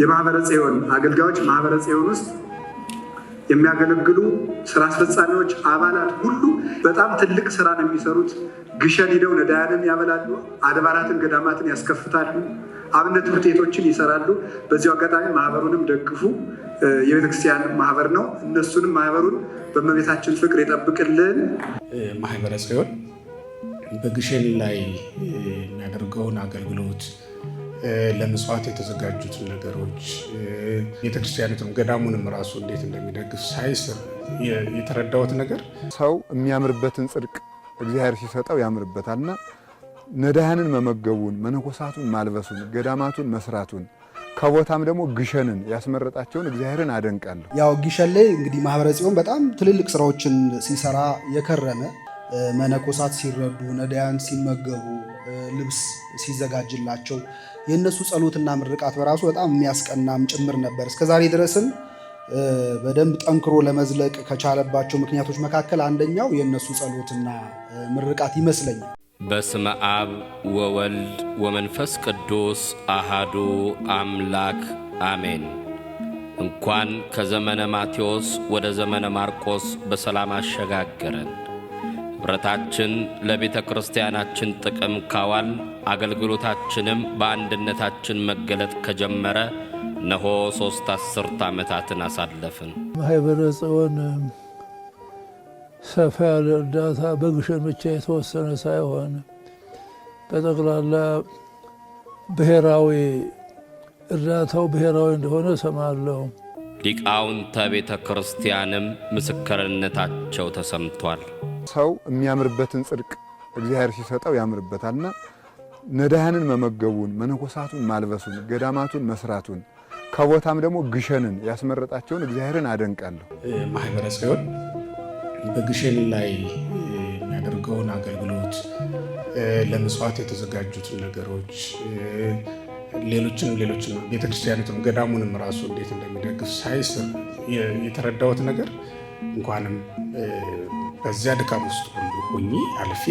የማህበረ ጽዮን አገልጋዮች ማህበረ ጽዮን ውስጥ የሚያገለግሉ ስራ አስፈጻሚዎች፣ አባላት ሁሉ በጣም ትልቅ ስራ ነው የሚሰሩት። ግሸን ሂደው ነዳያንን ያበላሉ፣ አድባራትን ገዳማትን ያስከፍታሉ፣ አብነት ትምህርት ቤቶችን ይሰራሉ። በዚሁ አጋጣሚ ማህበሩንም ደግፉ። የቤተክርስቲያን ማህበር ነው። እነሱንም ማህበሩን በእመቤታችን ፍቅር ይጠብቅልን። ማህበረ ጽዮን በግሸን ላይ የሚያደርገውን አገልግሎት ለምጽዋት የተዘጋጁትን ነገሮች ቤተክርስቲያኒቱም ገዳሙንም ራሱ እንዴት እንደሚደግፍ ሳይስር የተረዳሁት ነገር ሰው የሚያምርበትን ጽድቅ እግዚአብሔር ሲሰጠው ያምርበታልና ነዳያንን መመገቡን፣ መነኮሳቱን ማልበሱን፣ ገዳማቱን መስራቱን ከቦታም ደግሞ ግሸንን ያስመረጣቸውን እግዚአብሔርን አደንቃለሁ። ያው ግሸን ላይ እንግዲህ ማህበረ ጽዮን በጣም ትልልቅ ስራዎችን ሲሰራ የከረመ መነኮሳት ሲረዱ፣ ነዳያን ሲመገቡ፣ ልብስ ሲዘጋጅላቸው የእነሱ ጸሎትና ምርቃት በራሱ በጣም የሚያስቀናም ጭምር ነበር። እስከዛሬ ድረስም በደንብ ጠንክሮ ለመዝለቅ ከቻለባቸው ምክንያቶች መካከል አንደኛው የእነሱ ጸሎትና ምርቃት ይመስለኛል። በስመ አብ ወወልድ ወመንፈስ ቅዱስ አሃዱ አምላክ አሜን። እንኳን ከዘመነ ማቴዎስ ወደ ዘመነ ማርቆስ በሰላም አሸጋገረን። ብረታችን ለቤተ ክርስቲያናችን ጥቅም ካዋል አገልግሎታችንም በአንድነታችን መገለጥ ከጀመረ ነሆ ሦስት አስርት ዓመታትን አሳለፍን። ማኅበረ ጽዮን ሰፋ ያለ እርዳታ በግሸን ብቻ የተወሰነ ሳይሆን በጠቅላላ ብሔራዊ እርዳታው ብሔራዊ እንደሆነ ሰማለሁ። ሊቃውንተ ቤተ ክርስቲያንም ምስክርነታቸው ተሰምቷል። ሰው የሚያምርበትን ጽድቅ እግዚአብሔር ሲሰጠው ያምርበታልና ነዳያንን መመገቡን፣ መነኮሳቱን ማልበሱን፣ ገዳማቱን መስራቱን ከቦታም ደግሞ ግሸንን ያስመረጣቸውን እግዚአብሔርን አደንቃለሁ። ማህበረ ጽዮን በግሸን ላይ የሚያደርገውን አገልግሎት፣ ለምጽዋት የተዘጋጁትን ነገሮች፣ ሌሎችንም ሌሎችን ቤተክርስቲያኒቱም ገዳሙንም ራሱ እንዴት እንደሚደግፍ ሳይስ የተረዳሁት ነገር እንኳንም በዚያ ድካም ውስጥ ሁሉ ሆኜ አልፌ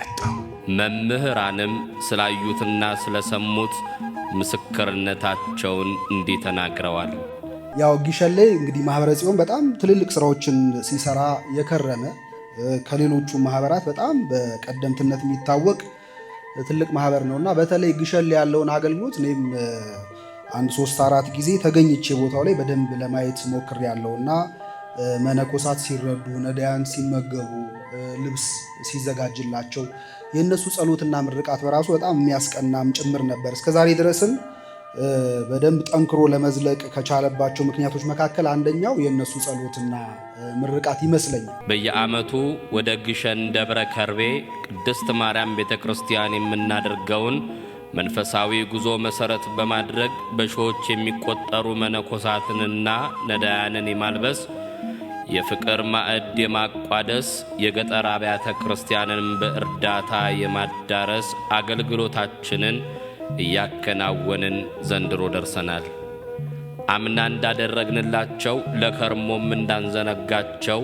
መጣሁ። መምህራንም ስላዩትና ስለሰሙት ምስክርነታቸውን እንዲህ ተናግረዋል። ያው ጊሸሌ እንግዲህ ማህበረ ጽዮን በጣም ትልልቅ ስራዎችን ሲሰራ የከረመ ከሌሎቹ ማህበራት በጣም በቀደምትነት የሚታወቅ ትልቅ ማህበር ነው እና በተለይ ግሸል ያለውን አገልግሎት እኔም አንድ ሶስት አራት ጊዜ ተገኝቼ ቦታው ላይ በደንብ ለማየት ሞክር ያለው እና መነኮሳት ሲረዱ፣ ነዳያን ሲመገቡ፣ ልብስ ሲዘጋጅላቸው የእነሱ ጸሎትና ምርቃት በራሱ በጣም የሚያስቀናም ጭምር ነበር። እስከዛሬ ድረስም በደንብ ጠንክሮ ለመዝለቅ ከቻለባቸው ምክንያቶች መካከል አንደኛው የእነሱ ጸሎትና ምርቃት ይመስለኛል። በየዓመቱ ወደ ግሸን ደብረ ከርቤ ቅድስት ማርያም ቤተ ክርስቲያን የምናደርገውን መንፈሳዊ ጉዞ መሠረት በማድረግ በሺዎች የሚቆጠሩ መነኮሳትንና ነዳያንን የማልበስ የፍቅር ማዕድ የማቋደስ የገጠር አብያተ ክርስቲያንን በእርዳታ የማዳረስ አገልግሎታችንን እያከናወንን ዘንድሮ ደርሰናል። አምና እንዳደረግንላቸው ለከርሞም እንዳንዘነጋቸው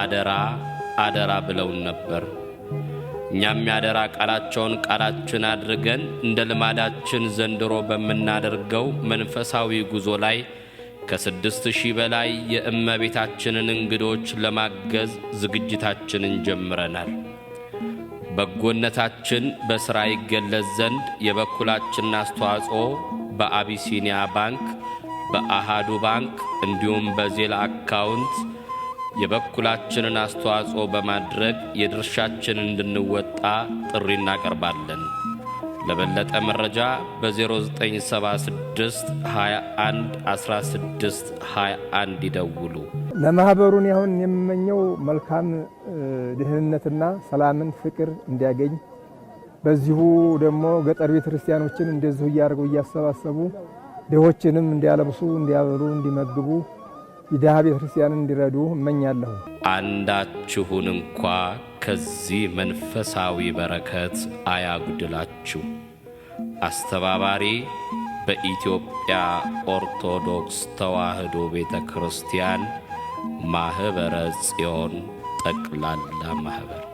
አደራ አደራ ብለውን ነበር። እኛም ያደራ ቃላቸውን ቃላችን አድርገን እንደ ልማዳችን ዘንድሮ በምናደርገው መንፈሳዊ ጉዞ ላይ ከስድስት ሺህ በላይ የእመቤታችንን እንግዶች ለማገዝ ዝግጅታችንን ጀምረናል። በጎነታችን በሥራ ይገለጽ ዘንድ የበኩላችንን አስተዋጽኦ በአቢሲኒያ ባንክ፣ በአሃዱ ባንክ እንዲሁም በዜላ አካውንት የበኩላችንን አስተዋጽኦ በማድረግ የድርሻችን እንድንወጣ ጥሪ እናቀርባለን። ለበለጠ መረጃ በ0976 16 ይደውሉ። ለማኅበሩን ያሁን የምመኘው መልካም ድህንነትና ሰላምን፣ ፍቅር እንዲያገኝ በዚሁ ደግሞ ገጠር ቤተ ክርስቲያኖችን እንደዚሁ እያደርጉ እያሰባሰቡ ድሆችንም እንዲያለብሱ፣ እንዲያበሉ፣ እንዲመግቡ የድሃ ቤተ ክርስቲያንን እንዲረዱ እመኛለሁ። አንዳችሁን እንኳ ከዚህ መንፈሳዊ በረከት አያጉድላችሁ። አስተባባሪ በኢትዮጵያ ኦርቶዶክስ ተዋሕዶ ቤተ ክርስቲያን ማኅበረ ጽዮን ጠቅላላ ማኅበር